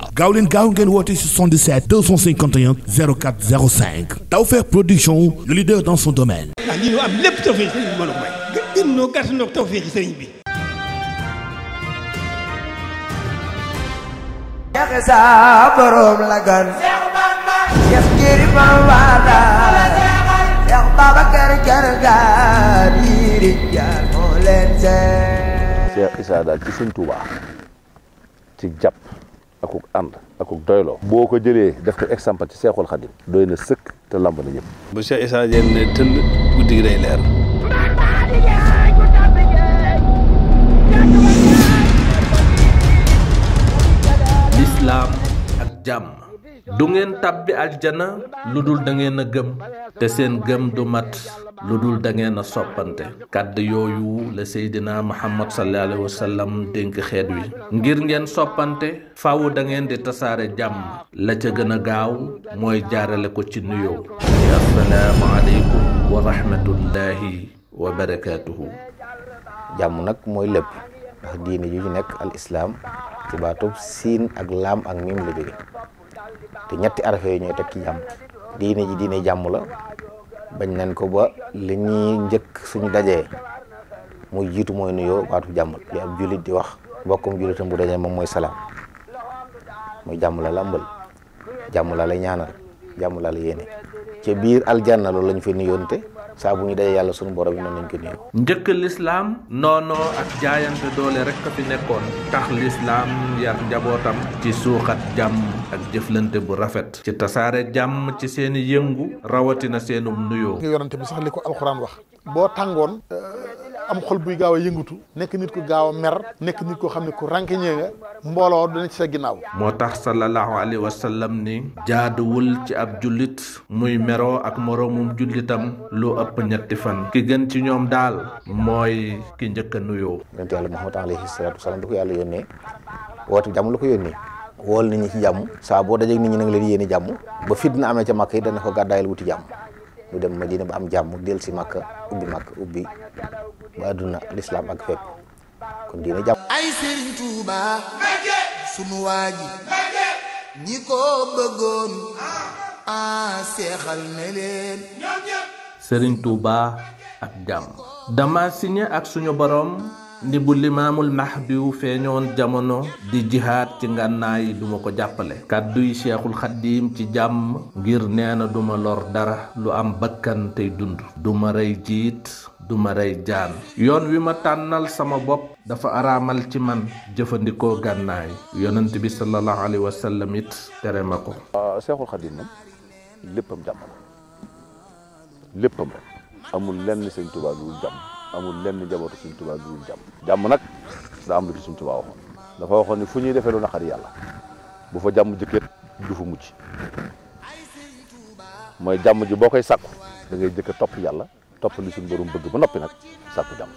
waaw gaaw leen gaaw ngeen woote 77 251 04 Production leader dans son domaine. ah lii ñu am lépp tawfeex sëriñ bi mën may. gën noo gàtt noo tawfeex sëriñ bi. seen. Cheikh Issa ci Sëriñ akuk ànd akuk doyloo boo ko jëlee def ko exemple ci seexul xadim doy na sëkk te lamb na ñëpp bu Cheikh Issa Diène ne tëll guddi day leer lislaam ak jàmm du ngeen tàbbi aljana lu dul da ngeen a gëm te seen gëm du mat lu dul dangeen soppante kàdd yooyu la seydina muhammad sallallahu alayhi sallam dénk xeet wi ngir ngeen soppante faaw da ngeen di tasaare jàmm la ca gën a gaaw mooy jaarale ko ci nuyoo assalaamu aleykum wa rahmatullahi jàmm nag mooy lépp ndax diine ju nekk al islaam ci siin ak laam ak miim la jóge te ñetti arafe yi ñooy tekki jàmm diine ji diine jàmm la bañ nañ ko ba li ñuy njëkk suñu dajee muy jiitu mooy nuyoo baatu jàmm li ab jullit di wax bokkum jullitam bu dajee moom mooy salaam muy jàmm la làmbal jàmm la lay ñaanal jàmm la la yéene ca biir aljanna loolu lañ fa nuyoonte saa bu ñu dee yàlla sunu borom yi noonu lañ ko njëkk lislaam noonoo ak jaayante doole rek ka fi nekkoon tax lislaam yar njabootam ci suuxat jàmm ak jëflante bu rafet ci tasaare jàmm ci seeni yëngu rawatina seenum nuyoo. nga yonante bi sax li ko boo tàngoon. am xol buy gaaw a nekk nit ku gaaw a mer koo xam ne ku rànkiñee nga mbooloo dana ci ginnaaw moo tax sallallahu alayhi wa sallam ni jaaduwul ci ab jullit muy meroo ak moroomum jullitam lu ëpp ñetti fan ki gën ci ñoom daal mooy ki njëkk a nuyoo yonent yàlla Muhammad alayhi salaatu wasalaam du ko yàlla yónnee woote jàmm lu ko yónnee wool nit ñi ci jàmm saa boo dajeeg nit ñi nanga leen yéene jàmm ba fitna amee ca màkk yi dana ko gàddaayal wuti jàmm lu dem ma Madina ba am jàmm del si màkk ubbi màkk ubbi ba àdduna ay sëriñ Tuuba ak jàmm dama signé ak suñu borom ni bu limaamul mahdiw feeñoon jamono di jihaat ci ngànnaay duma ko jàppale kàdduy seexul xaddiim ci jàmm ngir nee na duma lor dara lu am bakkan tey dund duma rey jiit du ma rey jaan yoon wi ma tànnal sama bopp dafa araamal ci man jëfandikoo gànnaay yonent bi sallallahu alayhi wa sallam it tere ma ko. Ah, Seexul Xadiim moom léppam jàmm la léppam amul jàmm amul lenn njabootu Sëñ lu jàmm. jàmm nag daa am lu ci Sëñ Tuubaa waxoon dafa waxoon ni fu ñuy defee lu naqari yàlla bu fa jàmm jëkkee du fa mooy jàmm ji boo koy sàkku da ngay jëkk topp yàlla. topp li suñu borom bëgg ba noppi nag sàkku jàmm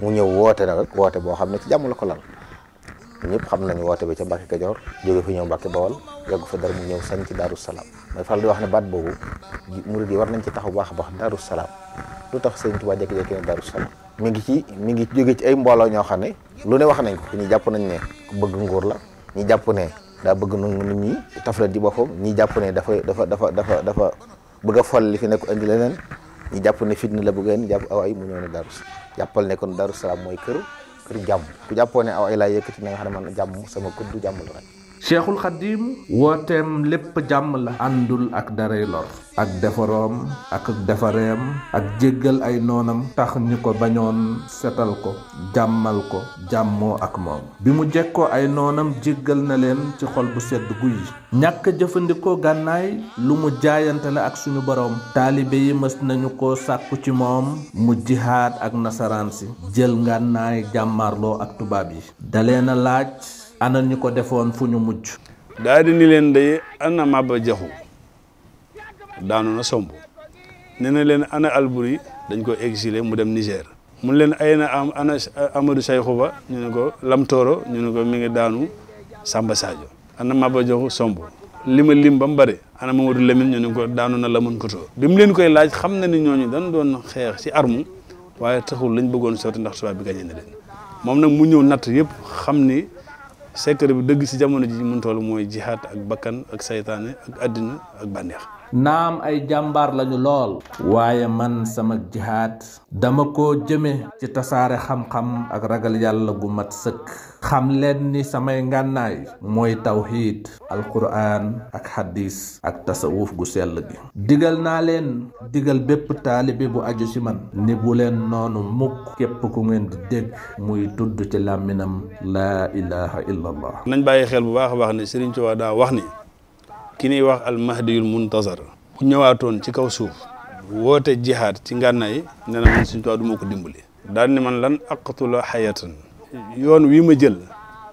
mu ñëw woote na rek woote boo xam ne ci jàmm la ko lal ñëpp xam nañu woote bi ca Mbàkke Kajoor jóge fi ñëw Mbàkke Bawol yàggu fa dara mu ñëw sañ ci Daaru Salaam may faral di wax ne baat boobu murid yi war nañ ci taxaw baax a baax Daaru Salaam lu tax Sëñ Tuubaa jékki-jékki ne Daaru mi ngi ci mi ngi jóge ci ay mbooloo ñoo xam ne lu ne wax nañ ko ñi jàpp nañ ne bëgg nguur la ñi jàpp ne daa bëgg nangu nit ñi tafla di boppam ñi jàpp ne dafa dafa dafa dafa dafa bëgg a fol li fi nekk indi ñi jàpp ne fitna la bëggeen jàpp aw ay mu ñëw ne daru jàppal ne kon daru salaam mooy këru këru jàmm ku jàppoo ne aw ay laa yëkkati na nga xam ne man jàmm sama kuddu jàmm la cheikhul xadim wooteem lépp jàmm la àndul ak daray lor ak defaroom ak defareem ak jéggal ay noonam tax ñu ko bañoon setal ko jàmmal ko jàmmoo ak moom bi mu jekkoo ay noonam jéggal na leen ci xol bu sedd guy ñàkk jëfandikoo gànnaay lu mu jaayante la ak suñu boroom taalibe yi mës nañu ko sàkku ci moom mu jihaad ak nasaraan si jël gànnaay jàmmarloo ak tubaab yi dalee laaj ana ñu ko defoon fu ñu mujj daa di ni leen day ana Maba Jaxu daanu na somb nee na leen ana Alburi dañ ko exilé mu dem Niger mun leen ay na am ana Amadou Sayxu Ba ñu ne ko Lamtooro ñu ne ko mu ngi daanu Samba Sadio ana Maba Jaxu somb lima lim ba mu bëri ana Mamadou Lamine ñu ne ko daanu na Lamin Koto bi mu leen koy laaj xam na ni ñooñu dañ doon xeex ci armu waaye taxul lañ bëggoon sotti ndax tubaab bi gañe na leen moom nag mu ñëw natt yëpp xam ni secteur bi dëgg ci jamono ji mun toll mooy jihaat ak bakkan ak seytaane ak àddina ak bànneex naam ay jàmbaar lañu lool waaye man sama jihaat dama ko jëme ci tasaare xam-xam ak ragal yàlla gu mat sëkk xam leen ni samay ngànnaay mooy tawxiid alquran ak xadis ak tasawuf gu sell gi digal naa leen digal bépp taalibe bu aju ci man ni bu leen noonu mukk képp ku ngeen di dégg muy tudd ci làmminam laa ilaha illa allah nañ bàyyi xel bu baax a baax ne Sëriñ Tuubaa daa wax ni ki ñuy wax almahdiyul muntasar bu ñëwaatoon ci kaw suuf woote jihaad ci ngànnaay nee na man Sëriñ Tuubaa du ma ko dimbali daal ni man lan aqtula xayatan yoon wii ma jël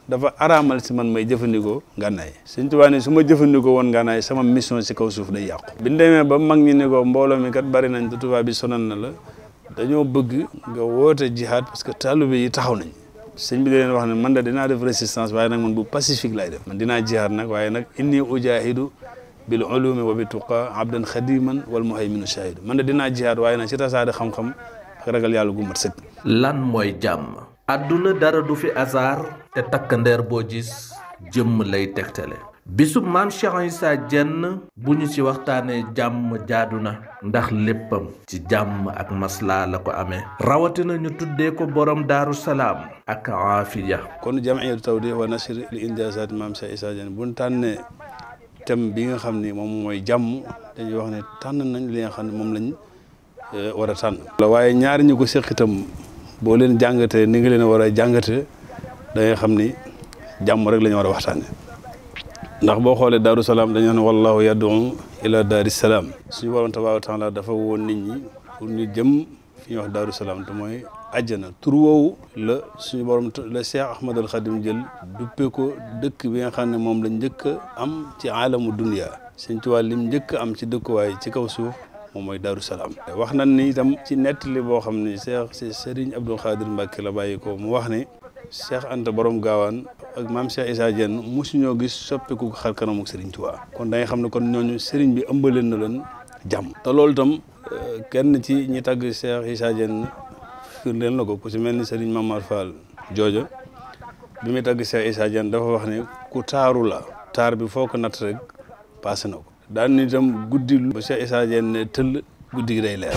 dafa araamal si man may jëfandikoo ngànnaay Sëñ Tuubaa ne su ma jëfandikoo woon ngànnaay sama mission si kaw suuf day yàqu bi ñu ba mu mag ñi ne ko mbooloo mi kat bari nañ te tubaab bi na la dañoo bëgg nga woote jihaad parce que taalibe yi taxaw nañ sëñ bi da leen wax ne man da dinaa def résistance waaye nag man bu pacifique lay def man dinaa jihaad nag waaye nag inni ujahidu bil ulumi wa bi tuqa abdan xadiman wal muhayminu shahidu man da dinaa jihaad waaye nag si tasaade xam-xam ak yàlla gu mat sëkk lan mooy jàmm àdduna dara du fi hasard te takkandeer boo gis jëmm lay tegtale bisub maam Cheikh Issa Diène bu ñu ci waxtaanee jàmm jaadu na ndax léppam ci jàmm ak maslaa la ko amee rawatina ñu tuddee ko borom daaru salaam ak aafiya kon jamiyatu tawdi wa nashr li injaazaat maam Cheikh bu ñu tànnee thème bi nga xam ni moom mooy jàmm dañuy wax ne tànn nañ li nga xam ne moom lañ eh, war a tànn. waaye ñaari ñu ko seq boo leen jàngatee ni nga leen war a jàngatee da ngay xam ni jàmm rek la ñu war a waxtaane ndax boo xoolee daaru salaam dañu ne wallahu yad'u ila daari salaam suñu borom tabaaraka taala dafa woon nit ñi pour ñu jëm fi ñuy wax daaru salaam te mooy àjjana tur woowu la suñu borom la Cheikh Ahmadul Xadim jël duppee ko dëkk bi nga xam ne moom la njëkk am ci aalamu dunia sëñ Tuubaa lim njëkk am ci dëkkuwaay ci kaw suuf moom mooy Daaru Salaam. wax nañ ni itam ci nettali boo xam ne Cheikh si Serigne Abdou Khadir Mbacke la bàyyi ko mu wax ni Cheikh Anta borom gaawaan ak maam Cheikh Issa Diène mosuñoo gis soppiku xar kanamu Serigne Touba. kon da xam ne kon ñooñu Serigne bi ëmbaleen na leen jàmm. te loolu itam euh, kenn ci ñi tagg Cheikh Issa Diène firndeel na ko ku si mel ni Serigne Mamar Fall jooja bi muy tagg Cheikh Issa Diène dafa wax ne ku taaru la taar bi foo ko natt rek paase na ko. daan ni itam guddi ba Cheikh Issa ne tëll guddi gi day leer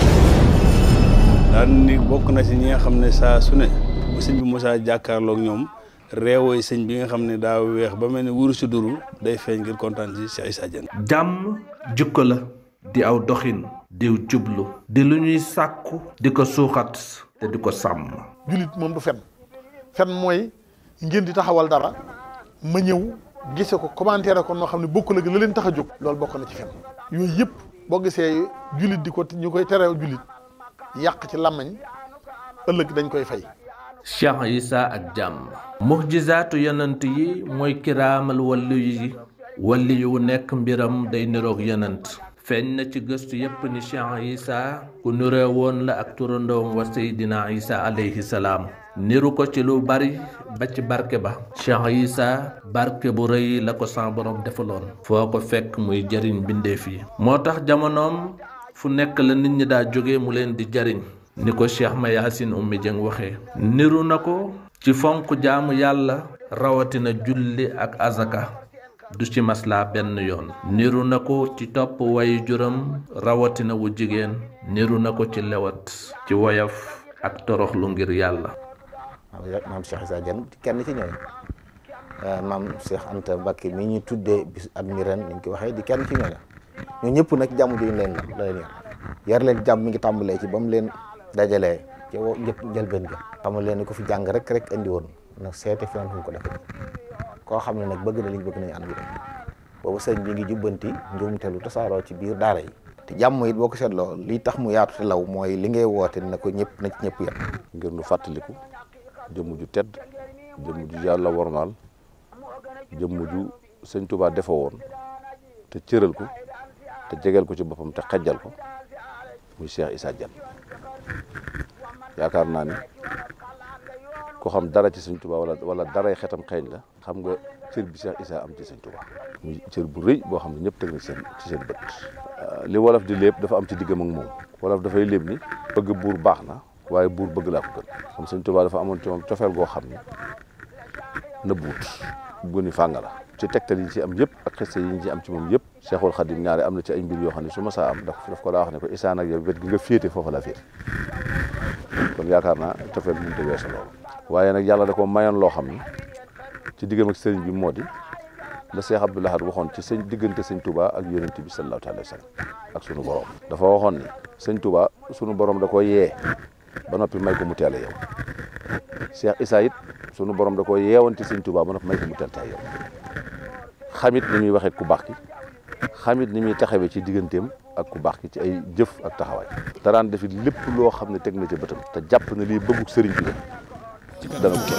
daan ni bokk na si ñi nga xam ne saa su ne bu sëñ bi mosaa jàkkaarlook ñoom réewooy sëñ bi nga xam ne daa weex ba mel ni wuru si duru day feeñ ngir kontaan si Cheikh Issa Diène jàmm jukka la di aw doxin diw jublu di lu ñuy sàkku di ko suuxat te di ko sàmm julit moom du fen fen mooy ngeen di taxawal dara ma ñëw gise ko commentaire ko noo xam ne bokkul ak la leen tax a jóg loolu bokk na ci fen yooyu yëpp boo gisee jullit di ko ñu koy terew jullit yàq ci làmmañ ëllëg dañ koy fay Cheikh Issa ak jàmm muxjizaatu yonent yi mooy kiraamal wallu yi walli wu nekk mbiram day niroog yonent feeñ na ci gëstu yépp ni Cheikh Issa ku nuree woon la ak turandoom wa Seydina Issa alayhi salaam niru ko ci lu bari ba ci barke ba Cheikh Isa barke bu rëy la ko sa borom defaloon foo ko fekk muy jariñ bindeef yi moo tax jamonoom fu nekk la nit ñi daa jóge mu leen di jariñ ni ko Cheikh Mayacine Oumy Dieng waxee niru na ko ci fonk jaamu yàlla rawatina julli ak azaka du ci maslaa benn yoon niru na ko ci topp wayu juram rawatina wu jigéen niru na ko ci lewat ci woyof ak toroxlu ngir yàlla maam Cheikh Issa jan kenn ci ñooñu eh, maam Cheikh Anta Mbacke mi ñu tuddee bis at mi ren ni ñu waxee di kenn ci ñooñu ñu ñëpp nag jàmm ju leen la leen yar leen jàmm ngi tàmbalee ci ba mu leen dajale ci woo njëpp njëlbeen ga leen ni ko fi jàng rek rek andi woon nag seete fi ko def koo xam ne nag bëgg na liñ bëgg nañu ànd bi dem boobu sëñ bi ngi jubbanti njuumte lu tasaaroo ci biir daara yi te jàmm it boo ko seetloo lii tax mu yaatu te law mooy li ngay woote na ko ñëpp na ci ñëpp yem ngir lu fàttaliku jëmm ju tedd jëmm ju yàlla wormaal jëmm ju sëñ Tuubaa defoo woon te cëral ko te jegeel ko ci boppam te xejjal ko muy Cheikh Issa Diagne yaakaar naa ni ko xam dara ci sëñ tubaa wala wala daray xetam xeeñ la xam nga cër bi Cheikh Issa am ci sëñ Tuubaa muy cër bu rëy boo xam ne ñëpp teg na ci seen bët li wolof di léeb dafa am ci diggam ak moom wolof dafay léeb ni bëgg buur baax na waaye buur bëgg laa ko gën xam sëñ dafa amoon ci moom cofeel goo xam ne nëbbuwut guni fànga la ci tegtal yi ci am yëpp ak xiste yi ñu ci am ci moom yëpp Seexul Xadim ñaare am na ci ay mbir yoo xam ne su ma am daf daf ko daa wax ne ko isaan ak yow wet gi nga féete foofa la féete kon yaakaar naa cofeel mënut a weesu loolu waaye nag yàlla da ko mayoon loo xam ne ci diggam ak sëriñ bi moo di la Seex bi Ahad waxoon ci sëñ diggante sëñ Touba ak yonent bi sallallahu alayhi wa sallam ak sunu borom dafa waxoon sëñ Touba sunu borom da ko yee ba noppi may ko mu teel a yow Cheikh Issa sunu borom da ko yeewante sëñ Tuubaa ba noppi may ko mu teel ta yow xamit ni muy waxee ku baax ki xamit ni muy taxawee ci digganteem ak ku baax ki ci ay jëf ak taxawaay daraan def it lépp loo xam ne teg na ci bëtam te jàpp na lii bëggu sëriñ bi la dana ko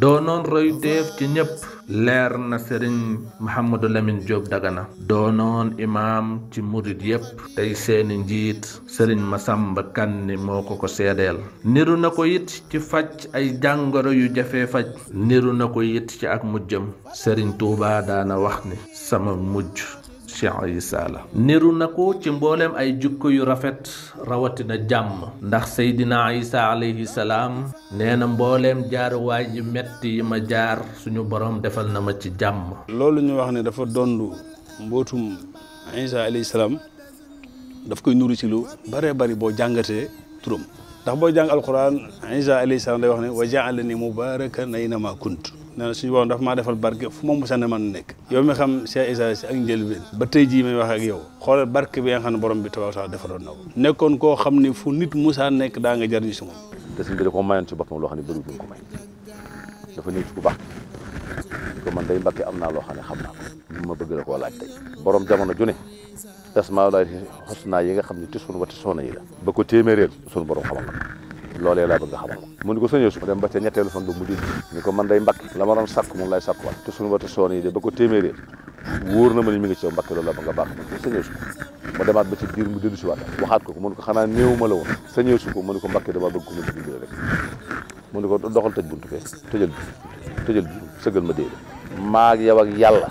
doonoon royu teef ci ñëpp leer na sëriñ Mouhamadou Lamine Diop Dagana doonoon imaam ci murit yépp tey seeni njiit sëriñ Masamba ni moo ko ko seedeel niru na ko it ci faj ay jàngoro yu jafee faj niru na ko it ci ak mujjam sëriñ Tuubaa daana wax ni sama mujj Cheikh Isa niru na ko ci mbooleem ay jukko yu rafet rawatina jàmm ndax Seydina Isa alayhi salaam nee na mbooleem jaaruwaay yi metti yi ma jaar suñu borom defal na ma ci jàmm loolu ñu wax ne dafa dondu mbootum Isa alayhi salaam daf koy nuru ci lu bëree bëri boo jàngatee turam ndax boo jàng alquran Isa alayhi salaam day wax ne wa jaalani mubarakan aynama kuntu nee na suñu borom dafa maa defal barke fu moom mos a nekk yow mi xam si ak njëlbeen ba tey jii may wax ak yow xoolal barke bi nga xam ne borom bi tabax sax defaloon na ko koo xam ne fu nit musaa nekk daa nga jariñu si moom te suñ bi da ko mayoon si loo xam ne bëri duñ ko may dafa nit ku baax ko am naa loo xam ne xam naa ko li ma bëgg la koo borom jamono ju ne tasmaa laay xos naa yi nga xam ne ci suñu wati soon yi la ba ko téeméeréel suñu borom xamal loolee laa bëgg a xam mu ni ko sëñ Yuusu dem ba ca fan ba mu jënd ni ko man day mbakki la ma doon sàkk moom lay sàkkuwaat te suñu wata soon yi de ba ko téeméeree wóor na ma ni mi ngi ci mbakki loolu la ba nga baax ma sëñ Yuusu mu demaat ba ci biir mu dellu si ko ko mu ko xanaa néew ma la woon sëñ Yuusu ko ko mbakki dama bëgg ko mu jibile rek mu ni ko doxal tëj buntu fee tëjal ma dee maa yow ak yàlla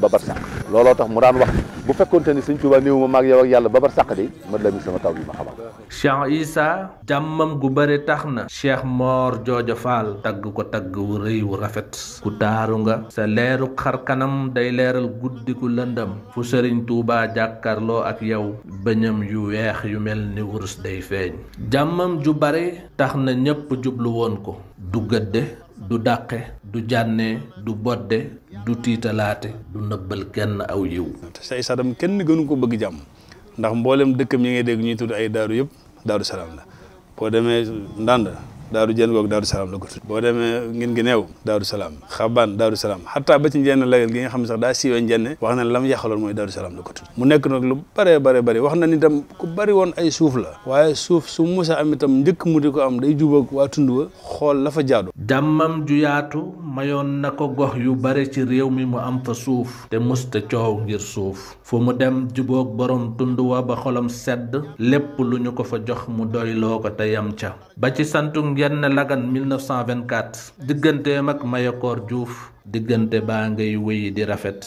ba ba sàkk looloo tax mu daan wax bu fekkoonte ni sëñ Tuubaa néew ma maag yow ak yàlla ba bar sàq de man la mi sama taw bi ma jàmmam gu bëri tax na Cheikh moor Jooja Faal tagg ko tagg wu rëy wu rafet ku taaru nga sa leeru xar kanam day leeral guddi ku lëndam fu sëriñ Tuubaa jàkkarloo ak yow bëñam yu weex yu mel ni wurus day feeñ jàmmam ju bëri tax na ñépp jublu woon ko du gëdde du dàqe du jànne du bodde du tiitalaate du nëbbal kenn aw yiw Cheikh Issa tam kenn gënu ko bëgg jàmm ndax mboolem dëkkam yi ngay dégg ñuy tudd ay daaru yëpp daaru salaam la boo demee ndànd daaru jën goog daaru salaam la ko boo demee ngin gi neew daaru salaam xabaan daaru salaam xataa ba ci njenn lagal gi nga xam ne sax daa siiwee njenne wax na lam yàqaloon mooy daaru salaam la ko tudd mu nekk nag lu bare bare bëri wax na ni tam ku bari woon ay suuf la waaye suuf su musa am itam njëkk mu di ko am day jubag waa tund wa xool la fa jaadu mayoon na ko gox yu bare ci réew mi mu am fa suuf te musta coow ngir suuf fu mu dem jubóog boroom tund wa ba xolam sedd lépp lu ñu ko fa jox mu doyloo ko te yam ca ba ci santu ngenn lagan 1924 digganteem ak Mayakoor Juuf diggante baa ngay wéy di rafet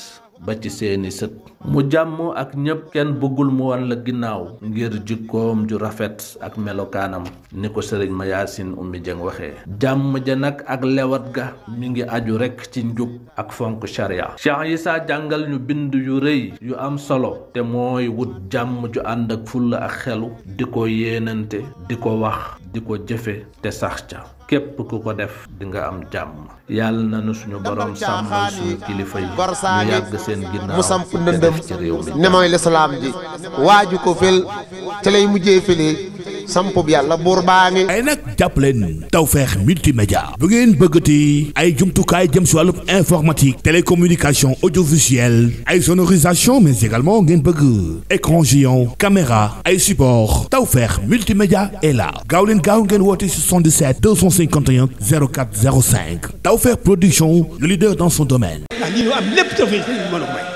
ba ci seeni sët mu jàmm ak ñépp kenn bëggul mu wan la ginnaaw ngir jikkoom ju rafet ak melokaanam ni ko sëriñ ma yaasin ummi jëng waxee jàmm ja nag ak lewat ga mi ngi aju rekk ci njub ak fonk sharia cheikh isa jàngal ñu bind yu rëy yu am solo te mooy wut jàmm ju ànd ak full ak xelu di ko yéenante di ko wax di ko jëfe te sax ca képp ku ko def di nga am jàmm yàlla na suñu borom sàmmal suñu kilifa yi ñu yàgg seen ginnaaw def ci réew mi ji waaju ko fel ci lay mujjee fëlee sampub yàlla buur baa ngi ay nag jàppaleen Tawfekh multimédia bu ngeen bëggati ay jumtukaay jëm si wàllu informatique télécommunication audiovisuelle ay sonorisation mais également ngeen bëgg écran géant caméra ay support Tawfekh multimédia est là gaaw leen gaaw ngeen woote 77 251 04 05 Tawfekh production le leader dans son domaine ah,